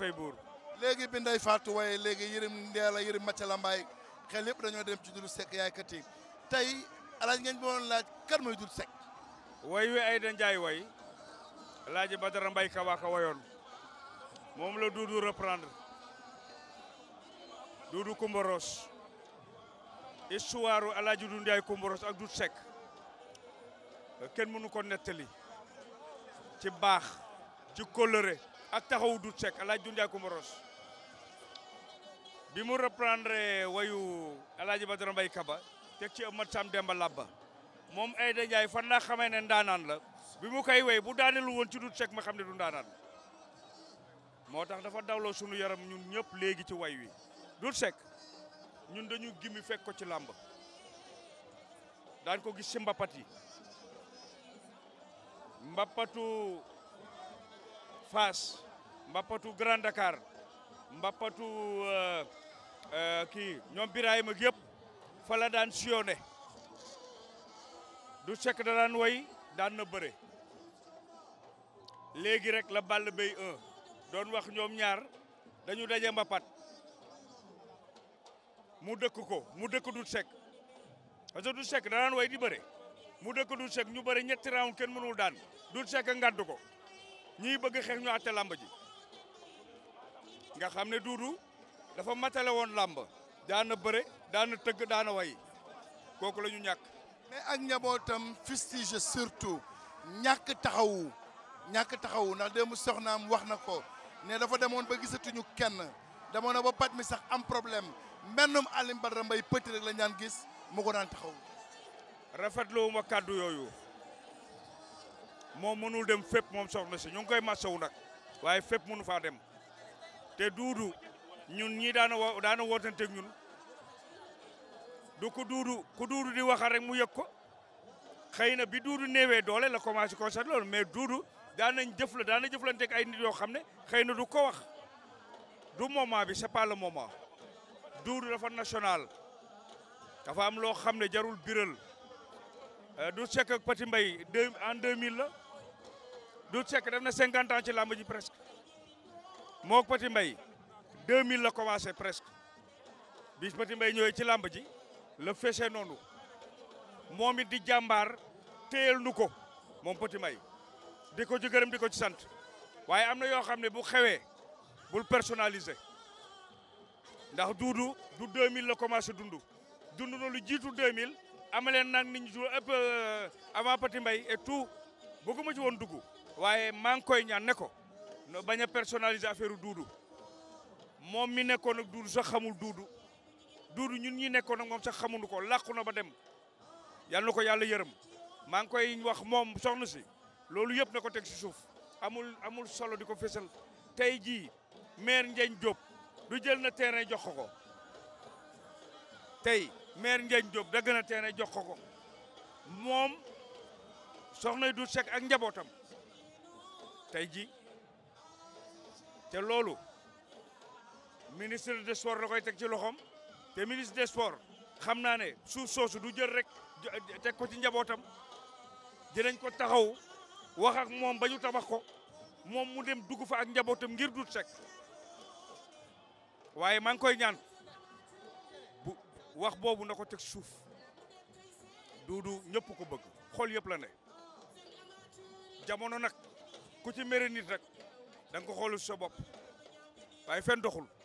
fay buur léegi bi nday faatu waaye léegi yërim ndeela yërim macala mbaay xel yëpp dañoo dem ci Dudu Seck yaay kat yi tey alaaj ngeen boon laaj kan mooy Dudu Seck way wi ay da njaay way laaji Badara Mbay Kawaka wayoon moom la Dudu reprendre Dudu Kumboros histoire alaaji Dudu Njaay Kumboros ak Dudu sek ken mënu ko ci ak taxawu Doudou Seck alaaj Doudou Ndiaye Coumba Rose bi mu reprendre wayu alaaji Badara Mbaye Kaba teg ci Amat Sam Demba Labba moom Aïda Ndiaye fan na xamee ne ndaanaan la bi mu koy way bu daaneelu woon ci Doudou Seck ma xam ne du ndaanaan moo tax dafa dawloo sunu yaram ñun ñëpp léegi ci way wi Doudou Seck ñun dañu gimi fekk ko ci làmb daan ko gis si mbapat yi Fass mbappatu Grand Dakar mbappatu euh, euh, kii ñoom Birahima yëpp fa la daan siyone du sekk da way daan na léegi rek la bal bay un doon wax ñoom ñaar dañu daje mbapat mu dëkk ko mu dëkk du sek parce du sekk da daan woy di bëre mu dëkk du sekk ñu bëre ñetti round kenn mënul daan du sekk ngand ko ñii bëgg xeex ñu àtte làmb ji nga xam ne duudu dafa matale woon làmb daana bëre daana tëgg daana way kooku la ñu ñàkk mais ak njabootam fustige surtout ñàkk taxawu ñàkk taxawu ndax démb soxnaam wax na ko ne dafa demoon ba gisatuñu kenn demoon ba pat mi sax am problème mennum Alioune Badara Mbaye petit rek la ñaan gis mu ko daan taxawu rafetluwuma kàddu yooyu moom mënul dem fépp moom soxna si ñu ngi koy wu nag waaye fépp mënu faa dem te duudu ñun ñii daana wo daana wootanteeg ñun du ku duudu ku duudu di waxal rek mu yëg ko xëy na bi duudu néewee doole la commencé concerne loolu mais duudu daanañ jëf la daana jëflanteeg ay nit yoo xam ne xëy na du ko wax du moment bi c'est pas le moment duudu dafa national dafa am loo xam ne jarul biral euh, du sekk ak Petit Mbay en 2000 la Doudou Seck def na cinquante ans ci làmb ji presque moo Petit Mbaye 2000 la commencé presque bi Petit Mbaye ñëwee ci làmb ji la fese noonu moom it di jàmbaar téyel ko moom Petit Mbaye di ko ci gërëm di ko ci sant waaye am na yoo xam ne bu xewee bul personnaliser ndax Doudou du 2000 la commencé dund dund na lu jiitu 2000 amaleen nag nit ñu ëpp euh, avant Petit Mbaye et tout bëgguma ci woon dugg waaye maa ngi koy ñaan ne ko no bañ a personnaliser affaire duudu moom mi nekkoon ak duudu sax xamul duudu duudu ñun ñi nekkoon a moom sax xamuñu ko làqu na ba dem yal na ko yàlla yërëm maa ngi koy wax moom soxna si loolu yëpp na ko teg si suuf amul amul solo di ko fésal tey jii maire Ndiagne Diop du jël na terrain jox ko ko tey maire Ndiagne Diop dagg na terrain jox ko ko moom soxna du Seck ak njabootam. tey ji te loolu ministre des sports la teg ci loxoom te ministre des sports xam naa ne suuf soosu du jël rek teg ko ci njabootam dinañ ko taxaw waxak moom ba ñu tabax ko moom mu dem dugg fa ak njabootam ngir du sek waaye maa ngi koy ñaan bu wax boobu na ko teg suuf du ñëpp ko bëgg xool yëpp la ne jamono nag ku ci mere nit rek da nga ko xoolul sa bopp waaye fen doxul